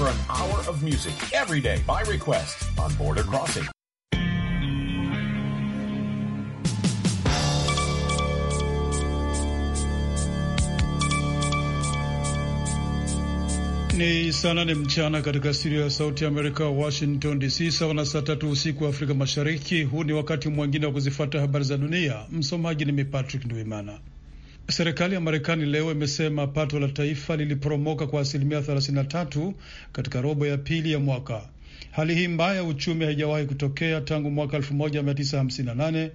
for an hour of music every day by request on Border Crossing. Ni saa nane mchana katika studio ya Sauti ya Amerika, Washington DC, sawa na saa tatu usiku wa Afrika Mashariki. Huu ni wakati mwingine wa kuzifuata habari za dunia. Msomaji ni mi Patrick Ndwimana. Serikali ya Marekani leo imesema pato la taifa liliporomoka kwa asilimia 33 katika robo ya pili ya mwaka. Hali hii mbaya ya uchumi haijawahi kutokea tangu mwaka 1958.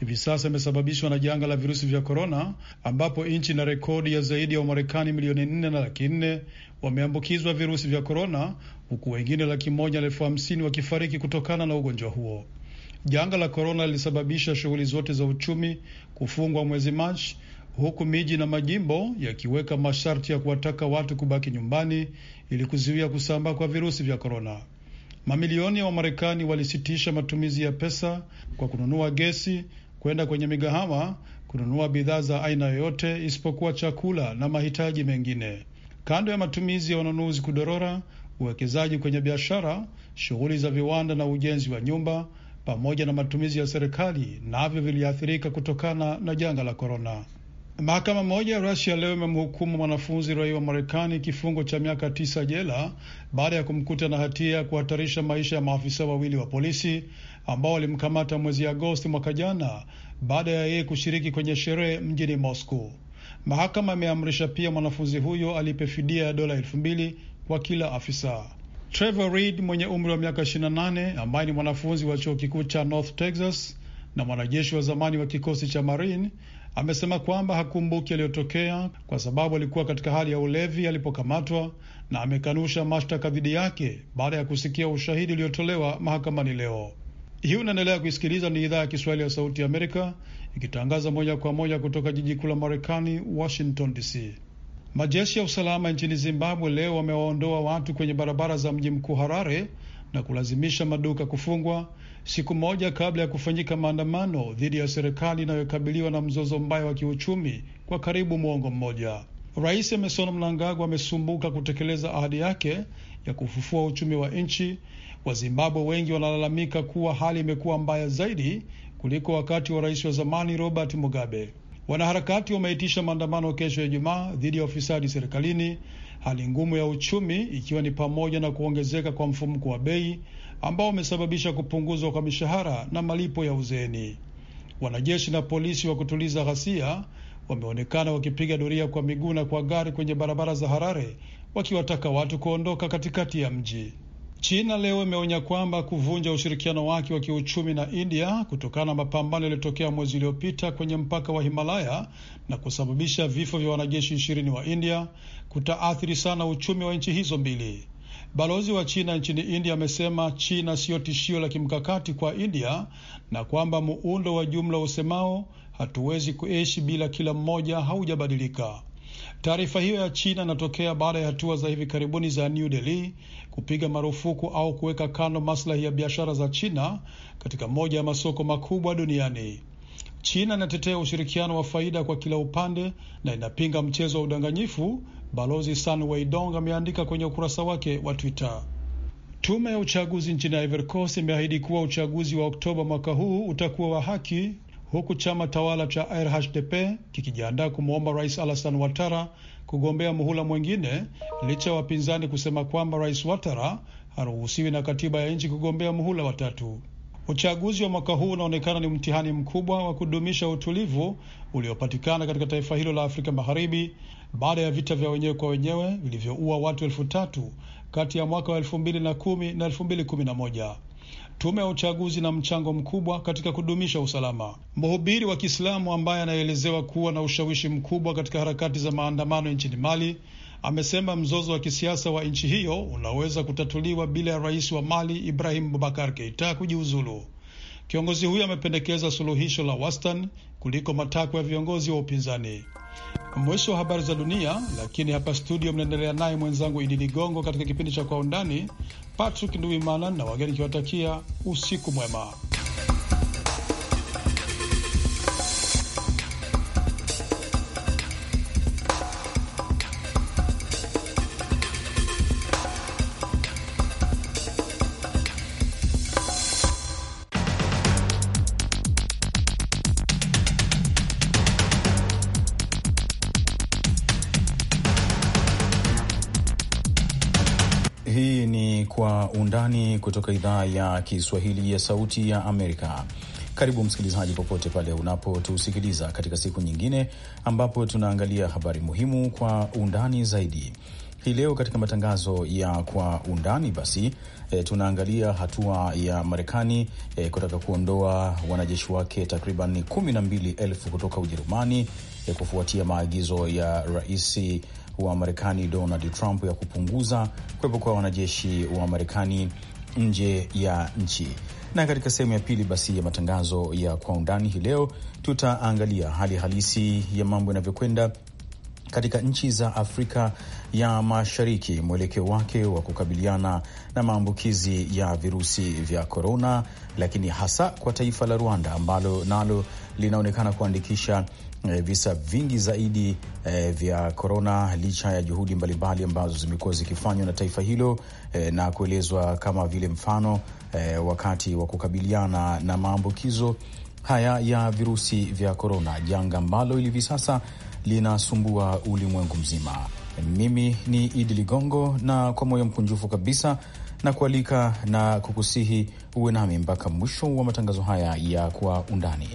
Hivi sasa imesababishwa na janga la virusi vya korona, ambapo nchi na rekodi ya zaidi ya Wamarekani milioni nne na laki nne wameambukizwa virusi vya korona, huku wengine laki moja na elfu hamsini wakifariki kutokana na ugonjwa huo. Janga la korona lilisababisha shughuli zote za uchumi kufungwa mwezi Machi huku miji na majimbo yakiweka masharti ya kuwataka watu kubaki nyumbani ili kuzuia kusambaa kwa virusi vya korona. Mamilioni ya Wamarekani walisitisha matumizi ya pesa kwa kununua gesi, kwenda kwenye migahawa, kununua bidhaa za aina yoyote isipokuwa chakula na mahitaji mengine. Kando ya matumizi ya wanunuzi kudorora, uwekezaji kwenye biashara, shughuli za viwanda na ujenzi wa nyumba pamoja na matumizi ya serikali navyo viliathirika kutokana na janga la korona. Mahakama moja ya Rusia leo imemhukumu mwanafunzi raia wa Marekani kifungo cha miaka tisa jela baada ya kumkuta na hatia ya kuhatarisha maisha ya maafisa wawili wa polisi ambao walimkamata mwezi Agosti mwaka jana baada ya yeye kushiriki kwenye sherehe mjini Moscow. Mahakama imeamrisha pia mwanafunzi huyo alipe fidia ya dola elfu mbili kwa kila afisa. Trevor Reed mwenye umri wa miaka 28 ambaye ni mwanafunzi wa chuo kikuu cha North Texas na mwanajeshi wa zamani wa kikosi cha Marine amesema kwamba hakumbuki aliyotokea kwa sababu alikuwa katika hali ya ulevi alipokamatwa na amekanusha mashtaka dhidi yake baada ya kusikia ushahidi uliotolewa mahakamani leo. Hii unaendelea kuisikiliza, ni idhaa ya Kiswahili ya Sauti ya Amerika ikitangaza moja kwa moja kutoka jiji kuu la Marekani, Washington DC. Majeshi ya usalama nchini Zimbabwe leo wamewaondoa watu kwenye barabara za mji mkuu Harare na kulazimisha maduka kufungwa siku moja kabla ya kufanyika maandamano dhidi ya serikali inayokabiliwa na mzozo mbaya wa kiuchumi kwa karibu mwongo mmoja. Rais emerson Mnangagwa amesumbuka kutekeleza ahadi yake ya kufufua uchumi wa nchi. Wazimbabwe wengi wanalalamika kuwa hali imekuwa mbaya zaidi kuliko wakati wa rais wa zamani Robert Mugabe. Wanaharakati wameitisha maandamano kesho ya Ijumaa dhidi ya ufisadi serikalini, hali ngumu ya uchumi, ikiwa ni pamoja na kuongezeka kwa mfumuko wa bei ambao umesababisha kupunguzwa kwa mishahara na malipo ya uzeeni. Wanajeshi na polisi wa kutuliza ghasia wameonekana wakipiga doria kwa miguu na kwa gari kwenye barabara za Harare wakiwataka watu kuondoka katikati ya mji. China leo imeonya kwamba kuvunja ushirikiano wake wa kiuchumi na India kutokana na mapambano yaliyotokea mwezi uliopita kwenye mpaka wa Himalaya na kusababisha vifo vya wanajeshi ishirini wa India kutaathiri sana uchumi wa nchi hizo mbili. Balozi wa China nchini India amesema China siyo tishio la kimkakati kwa India na kwamba muundo wa jumla usemao hatuwezi kuishi bila kila mmoja haujabadilika. Taarifa hiyo ya China inatokea baada ya hatua za hivi karibuni za New Delhi kupiga marufuku au kuweka kando maslahi ya biashara za China katika moja ya masoko makubwa duniani. China inatetea ushirikiano wa faida kwa kila upande na inapinga mchezo wa udanganyifu Balozi San Weidong ameandika kwenye ukurasa wake wa Twitter. Tume ya uchaguzi nchini Ivory Coast imeahidi kuwa uchaguzi wa Oktoba mwaka huu utakuwa wa haki, huku chama tawala cha RHDP kikijiandaa kumwomba Rais Alassane Ouattara kugombea muhula mwingine licha ya wapinzani kusema kwamba Rais Ouattara haruhusiwi na katiba ya nchi kugombea muhula watatu. Uchaguzi wa mwaka huu unaonekana ni mtihani mkubwa wa kudumisha utulivu uliopatikana katika taifa hilo la Afrika Magharibi baada ya vita vya wenyewe kwa wenyewe vilivyoua watu elfu tatu kati ya mwaka wa elfu mbili na kumi na elfu mbili kumi na moja. Tume ya uchaguzi na mchango mkubwa katika kudumisha usalama. Mhubiri wa Kiislamu ambaye anaelezewa kuwa na ushawishi mkubwa katika harakati za maandamano nchini Mali amesema mzozo wa kisiasa wa nchi hiyo unaweza kutatuliwa bila ya rais wa Mali Ibrahim Bubakar Keita kujiuzulu. Kiongozi huyo amependekeza suluhisho la wastani kuliko matakwa ya viongozi wa upinzani. Mwisho wa habari za dunia, lakini hapa studio mnaendelea naye mwenzangu Idi Ligongo katika kipindi cha Kwa Undani. Patrick Nduimana na wageni kiwatakia usiku mwema. kutoka idhaa ya Kiswahili ya Sauti ya Amerika. Karibu msikilizaji, popote pale unapotusikiliza katika siku nyingine ambapo tunaangalia habari muhimu kwa undani zaidi. Hii leo katika matangazo ya kwa undani basi e, tunaangalia hatua ya Marekani e, kutaka kuondoa wanajeshi wake takriban kumi na mbili elfu kutoka Ujerumani e, kufuatia maagizo ya rais wa Marekani Donald Trump ya kupunguza kuwepo kwa wanajeshi wa Marekani nje ya nchi. Na katika sehemu ya pili basi ya matangazo ya kwa undani hii leo, tutaangalia hali halisi ya mambo yanavyokwenda katika nchi za Afrika ya Mashariki, mwelekeo wake wa kukabiliana na maambukizi ya virusi vya korona, lakini hasa kwa taifa la Rwanda ambalo nalo linaonekana kuandikisha Eh, visa vingi zaidi eh, vya korona, licha ya juhudi mbalimbali ambazo zimekuwa zikifanywa na taifa hilo eh, na kuelezwa kama vile mfano eh, wakati wa kukabiliana na maambukizo haya ya virusi vya korona, janga ambalo hivi sasa linasumbua ulimwengu mzima. Mimi ni Idi Ligongo, na kwa moyo mkunjufu kabisa na kualika na kukusihi uwe nami mpaka mwisho wa matangazo haya ya Kwa Undani.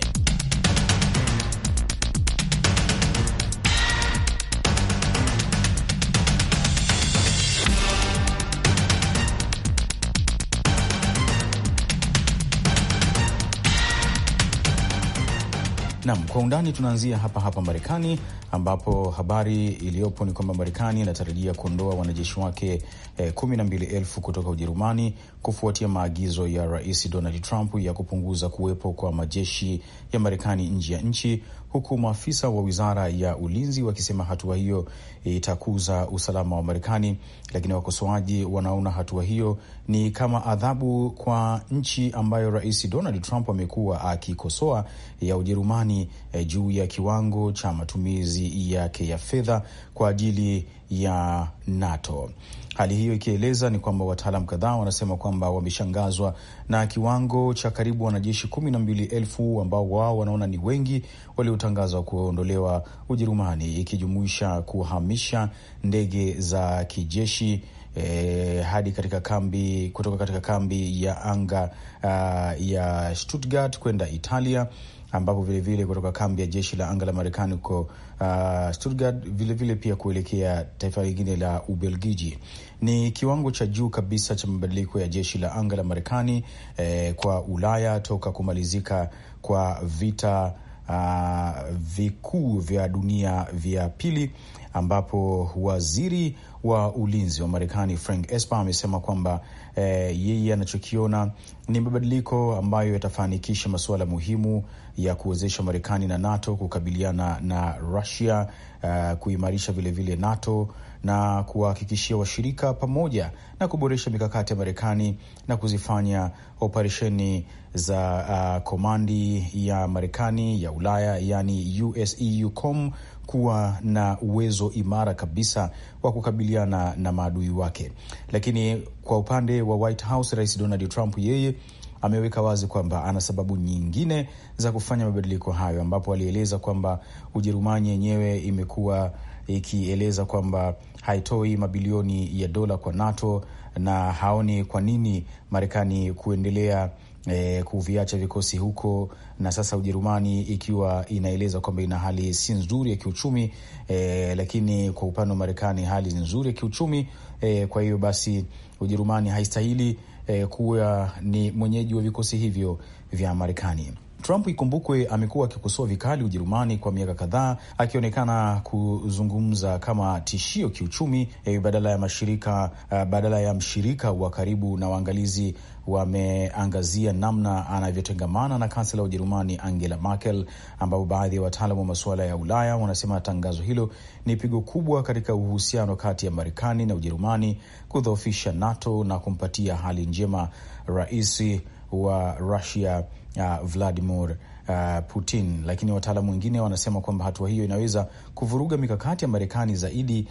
Nam kwa undani tunaanzia hapa hapa Marekani, ambapo habari iliyopo ni kwamba Marekani inatarajia kuondoa wanajeshi wake eh, kumi na mbili elfu kutoka Ujerumani kufuatia maagizo ya Rais Donald Trump ya kupunguza kuwepo kwa majeshi ya Marekani nje ya nchi huku maafisa wa wizara ya ulinzi wakisema hatua hiyo itakuza usalama wa Marekani, lakini wakosoaji wanaona hatua hiyo ni kama adhabu kwa nchi ambayo Rais Donald Trump amekuwa akikosoa ya Ujerumani eh, juu ya kiwango cha matumizi yake ya fedha kwa ajili ya NATO hali hiyo ikieleza ni kwamba wataalam kadhaa wanasema kwamba wameshangazwa na kiwango cha karibu wanajeshi kumi na mbili elfu ambao wao wanaona ni wengi waliotangazwa kuondolewa Ujerumani, ikijumuisha kuhamisha ndege za kijeshi E, hadi katika kambi kutoka katika kambi ya anga uh, ya Stuttgart kwenda Italia ambapo vilevile kutoka kambi ya jeshi la anga la Marekani huko uh, Stuttgart, vilevile pia kuelekea taifa lingine la Ubelgiji. Ni kiwango cha juu kabisa cha mabadiliko ya jeshi la anga la Marekani eh, kwa Ulaya toka kumalizika kwa vita uh, vikuu vya dunia vya pili, ambapo waziri wa ulinzi wa Marekani Frank Esper amesema kwamba eh, yeye anachokiona ni mabadiliko ambayo yatafanikisha masuala muhimu ya kuwezesha Marekani na NATO kukabiliana na Rusia, uh, kuimarisha vilevile vile NATO na kuwahakikishia washirika pamoja na kuboresha mikakati ya Marekani na kuzifanya operesheni za uh, komandi ya Marekani ya Ulaya yani USEUCOM kuwa na uwezo imara kabisa wa kukabiliana na maadui wake. Lakini kwa upande wa White House, Rais Donald Trump yeye ameweka wazi kwamba ana sababu nyingine za kufanya mabadiliko hayo, ambapo alieleza kwamba Ujerumani yenyewe imekuwa ikieleza kwamba haitoi mabilioni ya dola kwa NATO na haoni kwa nini Marekani kuendelea E, kuviacha vikosi huko na sasa Ujerumani ikiwa inaeleza kwamba ina hali si nzuri ya kiuchumi e, lakini kwa upande wa Marekani hali nzuri ya kiuchumi e, kwa hiyo basi Ujerumani haistahili eh, kuwa ni mwenyeji wa vikosi hivyo vya Marekani. Trump ikumbukwe, amekuwa akikosoa vikali Ujerumani kwa miaka kadhaa, akionekana kuzungumza kama tishio kiuchumi eh, badala ya mashirika uh, badala ya mshirika wa karibu, na waangalizi wameangazia namna anavyotengamana na kansela wa Ujerumani Angela Merkel, ambapo baadhi ya wataalam wa masuala ya Ulaya wanasema tangazo hilo ni pigo kubwa katika uhusiano kati ya Marekani na Ujerumani, kudhoofisha NATO na kumpatia hali njema rais wa Rusia uh, Vladimir uh, Putin, lakini wataalamu wengine wanasema kwamba hatua hiyo inaweza kuvuruga mikakati ya Marekani zaidi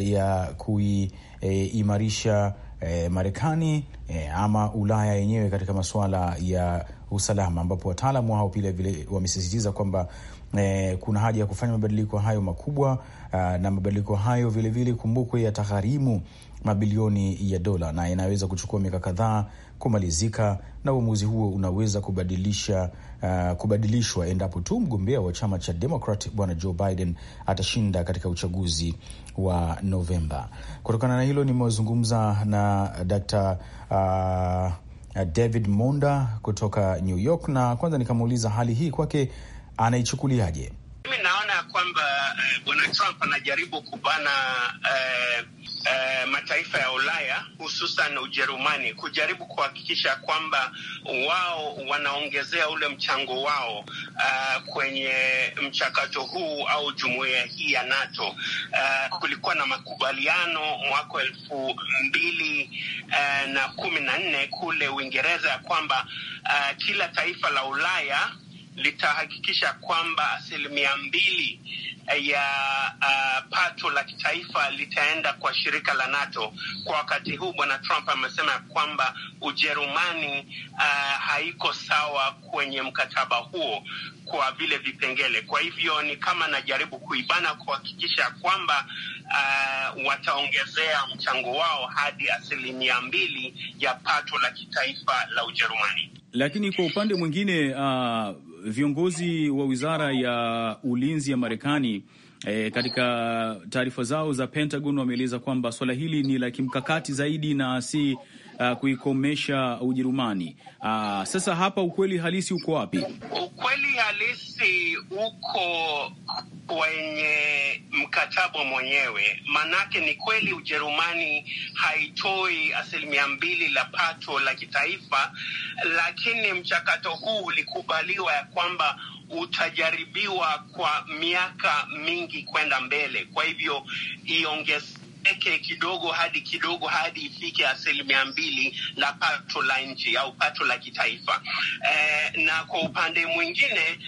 ya kuiimarisha e, e, Marekani e, ama Ulaya yenyewe katika masuala ya usalama, ambapo wataalamu hao pia vile wamesisitiza kwamba e, kuna haja ya kufanya mabadiliko hayo makubwa a, uh, na mabadiliko hayo vilevile kumbukwe, yatagharimu mabilioni ya dola na inaweza kuchukua miaka kadhaa kumalizika na uamuzi huo unaweza kubadilisha, uh, kubadilishwa endapo tu mgombea wa chama cha demokrat bwana Joe Biden atashinda katika uchaguzi wa Novemba. Kutokana na hilo, nimezungumza na Dr. uh, David Monda kutoka New York na kwanza nikamuuliza hali hii kwake anaichukuliaje? Mimi naona kwamba uh, bwana Trump anajaribu kubana uh, eh, mataifa ya Ulaya hususan Ujerumani kujaribu kuhakikisha kwamba wao wanaongezea ule mchango wao uh, kwenye mchakato huu au jumuiya hii ya NATO. Uh, kulikuwa na makubaliano mwaka elfu mbili uh, na kumi na nne kule Uingereza ya kwamba uh, kila taifa la Ulaya litahakikisha kwamba asilimia mbili eh, ya uh, pato la kitaifa litaenda kwa shirika la NATO. Kwa wakati huu, bwana Trump amesema kwamba Ujerumani uh, haiko sawa kwenye mkataba huo kwa vile vipengele. Kwa hivyo ni kama najaribu kuibana kuhakikisha kwamba uh, wataongezea mchango wao hadi asilimia mbili ya pato la kitaifa la Ujerumani. Lakini kwa upande mwingine uh viongozi wa wizara ya ulinzi ya Marekani E, katika taarifa zao za Pentagon wameeleza kwamba swala hili ni la kimkakati zaidi na si uh, kuikomesha Ujerumani. Uh, sasa hapa ukweli halisi uko wapi? Ukweli halisi uko kwenye mkataba mwenyewe, manake ni kweli Ujerumani haitoi asilimia mbili la pato la kitaifa, lakini mchakato huu ulikubaliwa ya kwamba utajaribiwa kwa miaka mingi kwenda mbele, kwa hivyo iongeze ongezeke kidogo hadi kidogo hadi ifike asilimia mbili la pato la nchi au pato la kitaifa. E, na kwa upande mwingine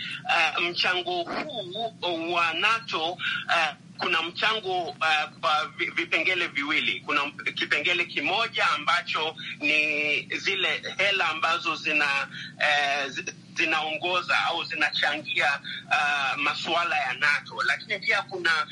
uh, mchango huu wa NATO uh, kuna mchango uh, kwa vipengele viwili. Kuna kipengele kimoja ambacho ni zile hela ambazo zina uh, zinaongoza au zinachangia uh, masuala ya NATO, lakini pia kuna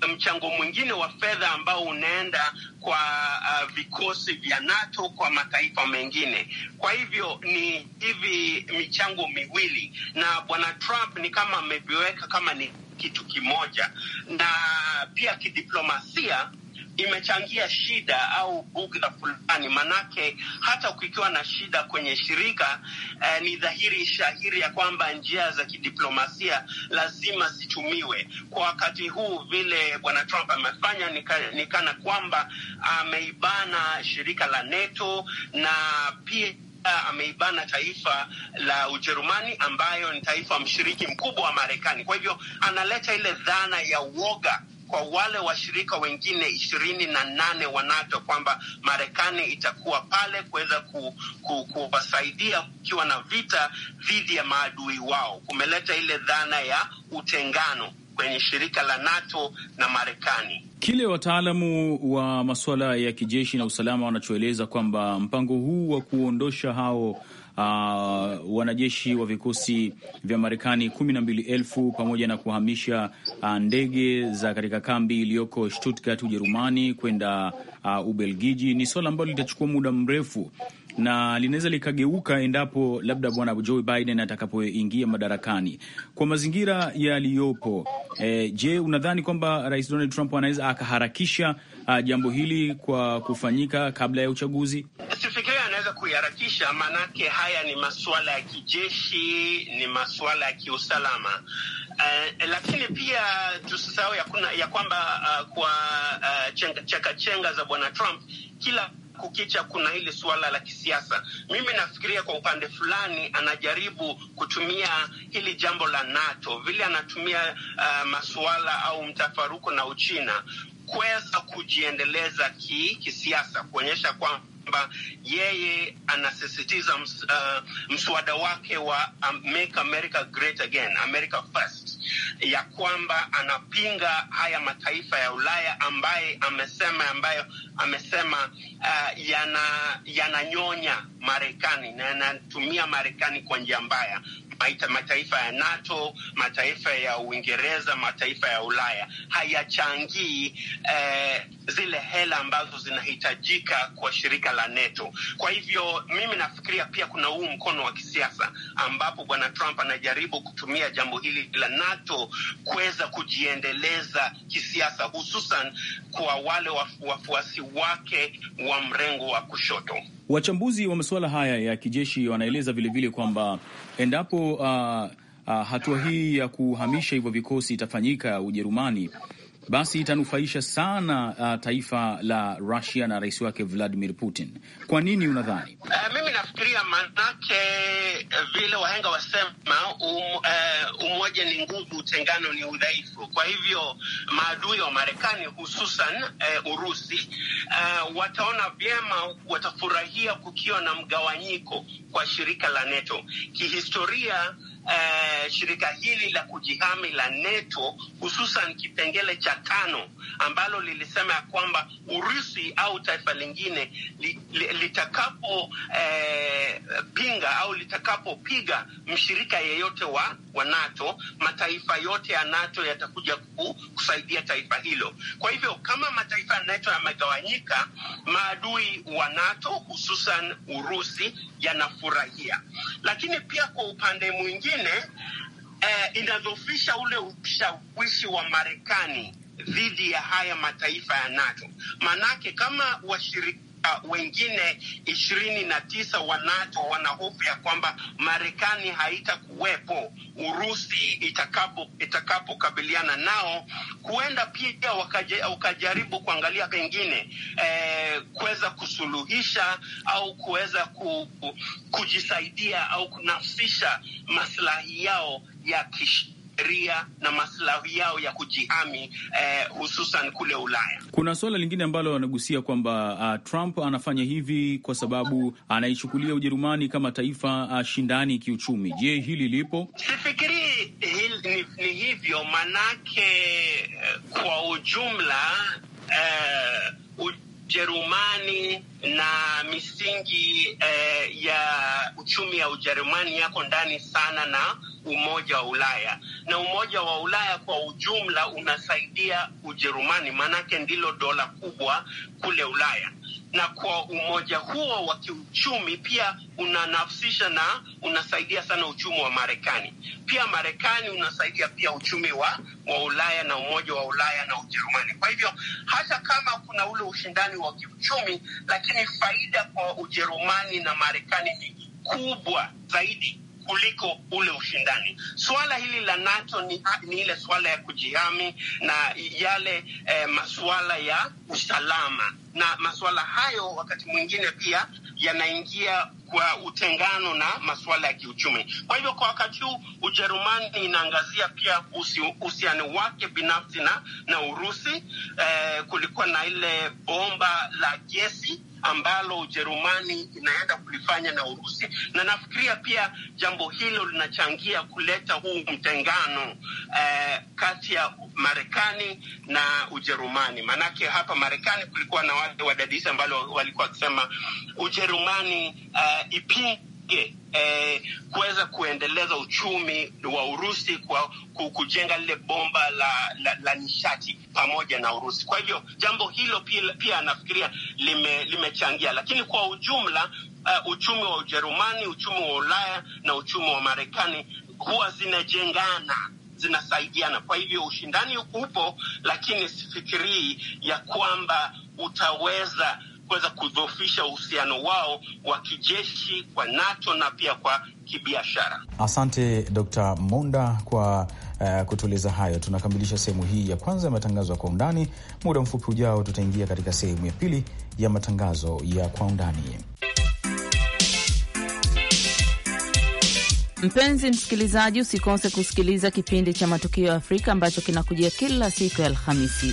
uh, mchango mwingine wa fedha ambao unaenda kwa uh, vikosi vya NATO kwa mataifa mengine. Kwa hivyo ni hivi michango miwili, na bwana Trump ni kama ameviweka kama ni kitu kimoja, na pia kidiplomasia imechangia shida au bugdha fulani, manake hata kukiwa na shida kwenye shirika eh, ni dhahiri shahiri ya kwamba njia za kidiplomasia lazima zitumiwe. Kwa wakati huu vile bwana Trump amefanya ni kana kwamba ameibana shirika la NATO na pia eh, ameibana taifa la Ujerumani ambayo ni taifa mshiriki mkubwa wa Marekani. Kwa hivyo analeta ile dhana ya uoga kwa wale washirika wengine ishirini na nane wa NATO kwamba Marekani itakuwa pale kuweza kuwasaidia ku, ku, kukiwa na vita dhidi ya maadui wao. Kumeleta ile dhana ya utengano kwenye shirika la NATO na Marekani. Kile wataalamu wa masuala ya kijeshi na usalama wanachoeleza kwamba mpango huu wa kuondosha hao uh, wanajeshi wa vikosi vya Marekani kumi na mbili elfu pamoja na kuhamisha uh, ndege za katika kambi iliyoko Stuttgart, Ujerumani kwenda uh, Ubelgiji ni swala ambalo litachukua muda mrefu na linaweza likageuka endapo labda bwana Joe Biden atakapoingia madarakani kwa mazingira yaliyopo. E, je, unadhani kwamba rais Donald Trump anaweza akaharakisha jambo hili kwa kufanyika kabla ya uchaguzi? tunaweza kuiharakisha, maanake haya ni masuala ya kijeshi, ni masuala ya kiusalama. Uh, lakini pia tusisahau ya, ya kwamba uh, kwa uh, chenga, cheka chenga za bwana Trump kila kukicha kuna hili suala la kisiasa. Mimi nafikiria kwa upande fulani anajaribu kutumia hili jambo la NATO vile anatumia uh, ah, masuala au mtafaruku na Uchina kuweza kujiendeleza ki, kisiasa kuonyesha kwamba kwamba yeye anasisitiza ms, uh, mswada wake wa um, Make America Great Again, America First, ya kwamba anapinga haya mataifa ya Ulaya ambaye amesema ambayo amesema uh, yananyonya yana Marekani na yanatumia Marekani kwa njia mbaya mataifa ya NATO, mataifa ya Uingereza, mataifa ya Ulaya hayachangii eh, zile hela ambazo zinahitajika kwa shirika la NATO. Kwa hivyo mimi nafikiria pia kuna huu mkono wa kisiasa ambapo bwana Trump anajaribu kutumia jambo hili la NATO kuweza kujiendeleza kisiasa, hususan kwa wale wafuasi wake wa mrengo wa kushoto. Wachambuzi wa masuala haya ya kijeshi wanaeleza vilevile kwamba endapo uh, uh, hatua hii ya kuhamisha hivyo vikosi itafanyika Ujerumani basi itanufaisha sana uh, taifa la Russia na rais wake Vladimir Putin. Kwa nini unadhani? Uh, mimi nafikiria manake eh, vile wahenga wasema um, uh, umoja ni nguvu, utengano ni udhaifu. Kwa hivyo maadui wa Marekani hususan uh, Urusi uh, wataona vyema, watafurahia kukiwa na mgawanyiko kwa shirika la NATO kihistoria Eh, shirika hili la kujihami la NATO hususan kipengele cha tano ambalo lilisema ya kwamba Urusi au taifa lingine li, li, litakapopinga eh, au litakapopiga mshirika yeyote wa, wa NATO, mataifa yote ya NATO yatakuja kusaidia taifa hilo. Kwa hivyo kama mataifa ya NATO yamegawanyika, maadui wa NATO hususan Urusi yanafurahia, lakini pia kwa upande mwingine nyingine eh, inadhofisha ule ushawishi wa Marekani dhidi ya haya mataifa ya NATO, manake kama washiriki Uh, wengine ishirini na tisa wa NATO wanahofu ya kwamba Marekani haitakuwepo Urusi itakapokabiliana itakapo nao, huenda pia wakajaribu kuangalia pengine eh, kuweza kusuluhisha au kuweza ku, kujisaidia au kunafsisha maslahi yao ya kish ria na maslahi yao ya kujihami eh, hususan kule Ulaya. Kuna suala lingine ambalo wanagusia kwamba uh, Trump anafanya hivi kwa sababu anaichukulia Ujerumani kama taifa uh, shindani kiuchumi. Je, hili lipo? Sifikiri hili, ni, ni hivyo manake, eh, kwa ujumla eh, Ujerumani na misingi eh, ya uchumi ya Ujerumani yako ndani sana na Umoja wa Ulaya, na Umoja wa Ulaya kwa ujumla unasaidia Ujerumani, maanake ndilo dola kubwa kule Ulaya na kwa umoja huo wa kiuchumi pia unanafsisha na unasaidia sana uchumi wa Marekani. Pia Marekani unasaidia pia uchumi wa, wa Ulaya na umoja wa Ulaya na Ujerumani. Kwa hivyo hata kama kuna ule ushindani wa kiuchumi, lakini faida kwa Ujerumani na Marekani ni kubwa zaidi kuliko ule ushindani. Suala hili la NATO ni, ni ile suala ya kujihami na yale eh, masuala ya usalama na masuala hayo wakati mwingine pia yanaingia kwa utengano na masuala ya kiuchumi. Kwa hivyo kwa wakati huu Ujerumani inaangazia pia uhusiano wake binafsi na, na Urusi. Eh, kulikuwa na ile bomba la gesi ambalo Ujerumani inaenda kulifanya na Urusi, na nafikiria pia jambo hilo linachangia kuleta huu mtengano eh, kati ya Marekani na Ujerumani. Maanake hapa Marekani kulikuwa na wale wadadisi ambalo walikuwa wakisema Ujerumani eh, ipi tusaidie eh, kuweza kuendeleza uchumi wa Urusi kwa kujenga lile bomba la, la, la nishati pamoja na Urusi. Kwa hivyo jambo hilo pia, pia nafikiria limechangia lime, lakini kwa ujumla uh, uchumi wa Ujerumani, uchumi wa Ulaya na uchumi wa Marekani huwa zinajengana zinasaidiana. Kwa hivyo ushindani upo, lakini sifikirii ya kwamba utaweza kuweza kudhoofisha uhusiano wao wa kijeshi kwa NATO na pia kwa kibiashara. Asante Dr. Monda kwa uh, kutueleza hayo. Tunakamilisha sehemu hii ya kwanza ya matangazo ya kwa undani. Muda mfupi ujao, tutaingia katika sehemu ya pili ya matangazo ya kwa undani. Mpenzi msikilizaji, usikose kusikiliza kipindi cha Matukio ya Afrika ambacho kinakujia kila siku ya Alhamisi.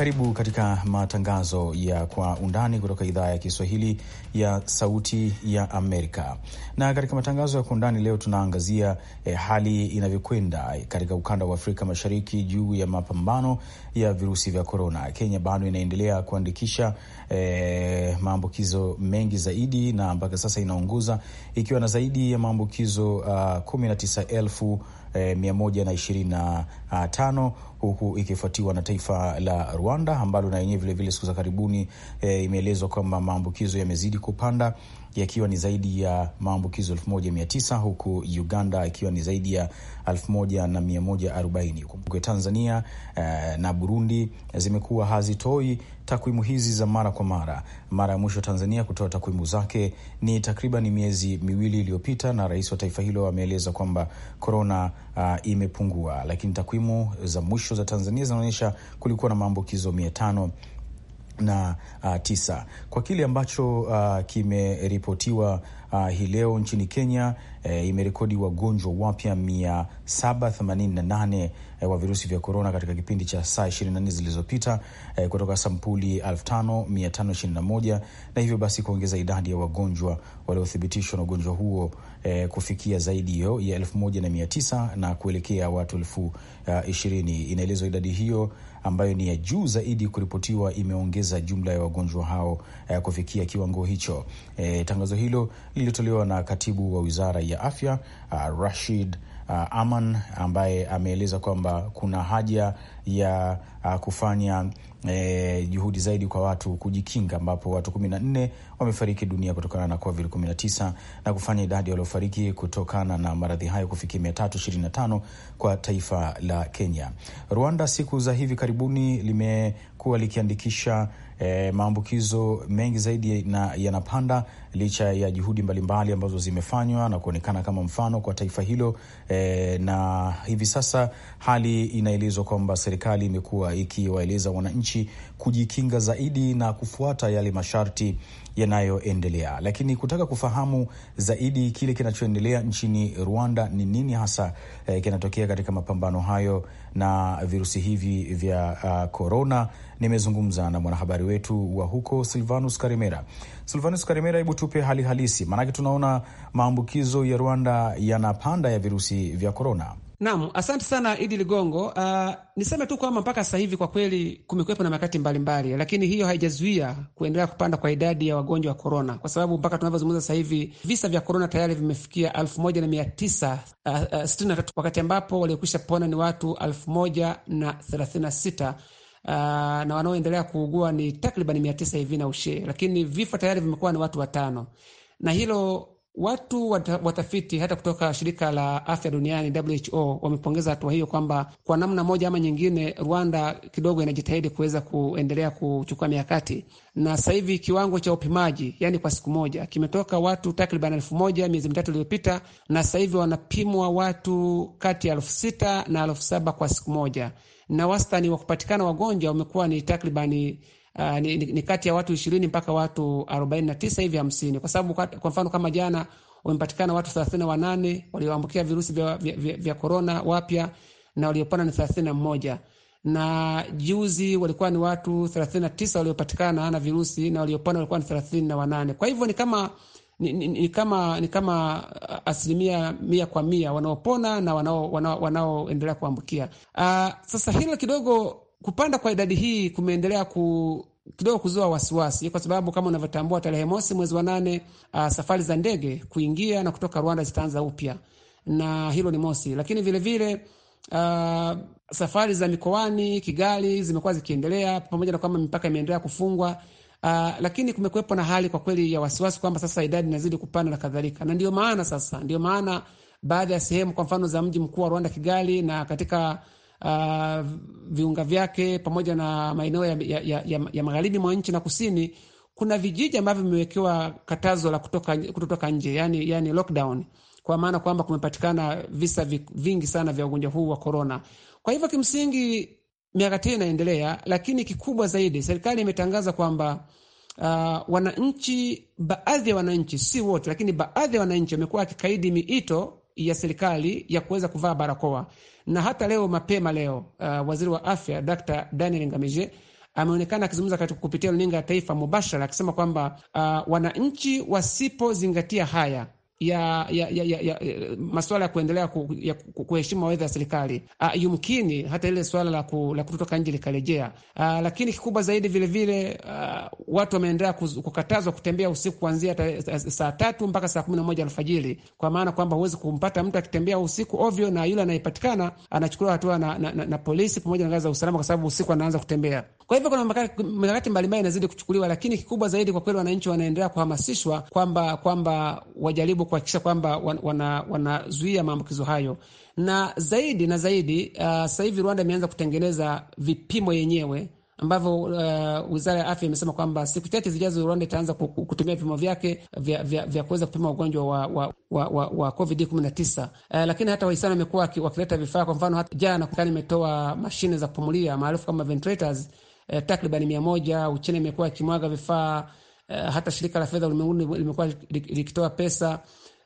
Karibu katika matangazo ya Kwa Undani kutoka idhaa ya Kiswahili ya Sauti ya Amerika. Na katika matangazo ya Kwa Undani leo tunaangazia eh, hali inavyokwenda eh, katika ukanda wa Afrika Mashariki juu ya mapambano ya virusi vya korona. Kenya bado inaendelea kuandikisha eh, maambukizo mengi zaidi na mpaka sasa inaongoza ikiwa na zaidi ya maambukizo uh, kumi na tisa elfu eh, 125 huku ikifuatiwa na taifa la Rwanda ambalo na yenyewe vilevile siku za karibuni eh, imeelezwa kwamba maambukizo yamezidi kupanda yakiwa ni zaidi ya maambukizo tisa huku Uganda ikiwa ni zaidi ya arobaini Kumbuke Tanzania eh, na Burundi zimekuwa hazitoi takwimu hizi za mara kwa mara. Mara ya mwisho Tanzania kutoa takwimu zake ni takriban miezi miwili iliyopita, na rais wa taifa hilo ameeleza kwamba korona uh, imepungua, lakini takwimu za mwisho za Tanzania zinaonyesha kulikuwa na maambukizo mia tano na uh, tisa kwa kile ambacho uh, kimeripotiwa uh, hii leo nchini Kenya eh, imerekodi wagonjwa wapya mia saba themanini na nane eh, wa virusi vya korona katika kipindi cha saa 24 zilizopita eh, kutoka sampuli elfu tano mia tano ishirini na moja na hivyo basi kuongeza idadi ya wagonjwa waliothibitishwa na ugonjwa huo e, kufikia zaidi hiyo ya elfu moja na mia tisa na kuelekea watu elfu ishirini. Inaelezwa idadi hiyo ambayo ni ya juu zaidi kuripotiwa, imeongeza jumla ya wagonjwa hao eh, kufikia kiwango hicho. Eh, tangazo hilo lilitolewa na katibu wa wizara ya afya ah, Rashid uh, Aman ambaye ameeleza kwamba kuna haja ya uh, kufanya eh, juhudi zaidi kwa watu kujikinga, ambapo watu kumi na nne wamefariki dunia kutokana na Covid 19 na kufanya idadi waliofariki kutokana na maradhi hayo kufikia mia tatu ishirini na tano kwa taifa la Kenya. Rwanda siku za hivi karibuni limekuwa likiandikisha e, maambukizo mengi zaidi na yanapanda licha ya juhudi mbalimbali ambazo zimefanywa na kuonekana kama mfano kwa taifa hilo e, na hivi sasa hali inaelezwa kwamba serikali imekuwa ikiwaeleza wananchi kujikinga zaidi na kufuata yale masharti yanayoendelea, lakini kutaka kufahamu zaidi kile kinachoendelea nchini Rwanda ni nini hasa eh, kinatokea katika mapambano hayo na virusi hivi vya korona, ah, uh, nimezungumza na mwanahabari wetu wa huko Silvanus Karimera. Silvanus Karimera, hebu tupe hali halisi, maanake tunaona maambukizo ya Rwanda yanapanda ya virusi vya korona. Naam, asante sana Idi Ligongo. Uh, niseme tu kwamba mpaka sasa hivi kwa kweli kumekuwepo na makati mbalimbali, lakini hiyo haijazuia kuendelea kupanda kwa idadi ya wagonjwa wa korona, kwa sababu mpaka tunavyozungumza sasa hivi visa vya korona tayari vimefikia elfu moja na mia tisa ah, ah, sitini na tatu wakati ambapo waliokwisha pona ni watu elfu moja na thelathini na sita Uh, na wanaoendelea kuugua ni takriban mia tisa hivi na ushe, lakini vifo tayari vimekuwa ni watu watano, na hilo Watu watafiti hata kutoka shirika la afya duniani WHO wamepongeza hatua hiyo, kwamba kwa namna moja ama nyingine Rwanda kidogo inajitahidi kuweza kuendelea kuchukua mikakati, na sasa hivi kiwango cha upimaji, yani kwa siku moja, kimetoka watu takriban elfu moja miezi mitatu iliyopita, na sasa hivi wanapimwa watu kati ya elfu sita na elfu saba kwa siku moja, na wastani wa kupatikana wagonjwa umekuwa ni takribani uh, ni, ni, ni kati ya watu ishirini mpaka watu arobaini na tisa hivi hamsini, kwa sababu kwa mfano kama jana wamepatikana watu thelathini na wanane walioambukia virusi vya, vya, vya, vya korona wapya na waliopona ni thelathini na mmoja na juzi walikuwa ni watu thelathini na tisa waliopatikana na virusi na waliopona walikuwa ni thelathini na wanane. Kwa hivyo ni kama ni, ni, ni kama ni kama uh, asilimia mia kwa mia wanaopona na wanaoendelea wanao, wanao kuambukia. Uh, sasa hilo kidogo Kupanda kwa idadi hii kumeendelea ku kidogo kuzua wasiwasi kwa sababu kama unavyotambua, tarehe mosi mwezi wa nane uh, safari za ndege kuingia na kutoka Rwanda zitaanza upya, na hilo ni mosi. Lakini vilevile vile, uh, safari za mikoani Kigali zimekuwa zikiendelea pamoja na kwamba mipaka imeendelea kufungwa. Uh, lakini kumekuwepo na hali kwa kweli ya wasiwasi kwamba sasa idadi inazidi kupanda na kadhalika, na ndio maana sasa, ndio maana baadhi ya sehemu kwa mfano za mji mkuu wa Rwanda Kigali na katika uh, viunga vyake pamoja na maeneo ya, ya, ya, ya, ya magharibi mwa nchi na kusini, kuna vijiji ambavyo vimewekewa katazo la kutoka, kutotoka nje yani, yani lockdown, kwa maana kwamba kumepatikana visa vingi sana vya ugonjwa huu wa korona. Kwa hivyo kimsingi miaka hiyo inaendelea, lakini kikubwa zaidi serikali imetangaza kwamba uh, wananchi, baadhi ya wananchi, si wote, lakini baadhi ya wananchi wamekuwa wakikaidi miito ya serikali ya kuweza kuvaa barakoa. Na hata leo mapema leo, uh, waziri wa afya Dr. Daniel Ngamije ameonekana akizungumza katika kupitia runinga ya taifa mubashara akisema kwamba uh, wananchi wasipozingatia haya ya, ya, ya, ya, ya eh, masuala ya kuendelea ku, ya, kuheshimu mawaidha ya serikali. Uh, yumkini hata ile swala la, ku, la kutotoka nje likarejea. Uh, lakini kikubwa zaidi vilevile vile, uh, watu wameendelea kukatazwa kutembea usiku kuanzia eh, eh, saa tatu mpaka saa kumi na moja alfajiri, kwa maana kwamba huwezi kumpata mtu akitembea usiku ovyo, na yule anayepatikana anachukuliwa hatua na, na, na, na polisi pamoja na ngazi za usalama, kwa sababu usiku anaanza kutembea. Kwa hivyo kuna mikakati mbalimbali inazidi kuchukuliwa, lakini kikubwa zaidi kwa kweli wananchi wanaendelea kuhamasishwa kwamba kwamba wajaribu kuhakikisha kwamba wanazuia wana maambukizo hayo, na zaidi na zaidi uh, sasa hivi Rwanda imeanza kutengeneza vipimo yenyewe ambavyo uh, wizara ya afya imesema kwamba siku chache zijazo Rwanda itaanza kutumia vipimo vyake vya, vya, vya kuweza kupima ugonjwa wa, wa, wa, wa, wa COVID 19. Uh, lakini hata wahisani wamekuwa wakileta vifaa. Kwa mfano hata jana imetoa mashine za kupumulia maarufu kama ventilators eh, takriban mia moja. Uchina imekuwa ikimwaga vifaa eh, hata shirika la fedha ulimwenguni limekuwa likitoa pesa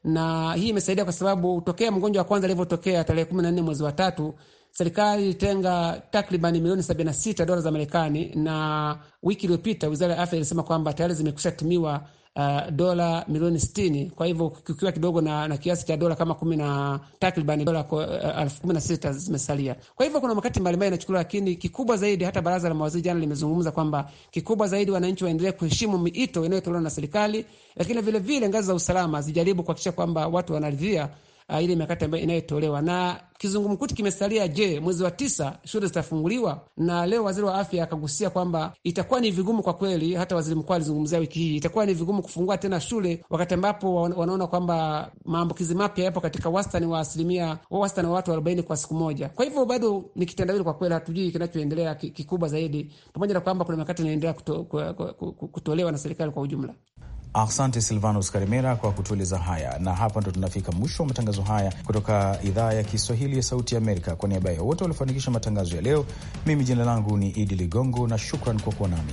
na hii imesaidia kwa sababu tokea mgonjwa wa kwanza alivyotokea tarehe kumi na nne mwezi wa tatu, serikali ilitenga takribani milioni sita dola za Marekani, na wiki iliyopita wizara ya afya ilisema kwamba tayari zimekusha tumiwa uh, dola milioni sitini. Kwa hivyo kukiwa kidogo na, na kiasi cha dola kama kumi na takriban dola elfu uh, kumi na sita zimesalia. Kwa hivyo kuna makati mbalimbali inachukuliwa, lakini kikubwa zaidi, hata baraza la mawaziri jana limezungumza kwamba kikubwa zaidi wananchi waendelee kuheshimu miito inayotolewa na serikali, lakini vilevile ngazi za usalama zijaribu kuhakikisha kwamba watu wanaridhia uh, ile mikakati ambayo inayotolewa na kizungumkuti kimesalia. Je, mwezi wa tisa shule zitafunguliwa? Na leo waziri wa afya akagusia kwamba itakuwa ni vigumu kwa kweli, hata waziri mkuu alizungumzia wiki hii, itakuwa ni vigumu kufungua tena shule wakati ambapo wanaona kwamba maambukizi mapya yapo katika wastani wa asilimia wastani wa watu arobaini kwa siku moja. Kwa hivyo bado ni kitendawili kwa kweli, hatujui kinachoendelea kikubwa zaidi, pamoja na kwamba kuna mikakati inaendelea kuto, kutolewa na serikali kwa ujumla. Asante Silvanus Karimera kwa kutueleza haya, na hapa ndo tunafika mwisho wa matangazo haya kutoka idhaa ya Kiswahili ya Sauti ya Amerika. Kwa niaba ya wote waliofanikisha matangazo ya leo, mimi jina langu ni Idi Ligongo na shukran kwa kuwa nami.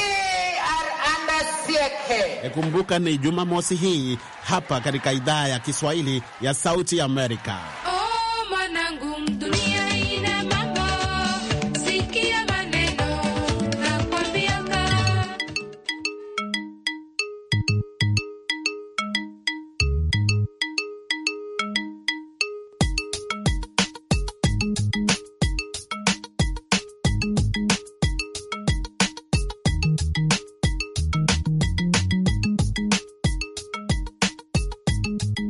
Kumbuka ni Jumamosi hii hapa katika idhaa ya Kiswahili ya Sauti Amerika.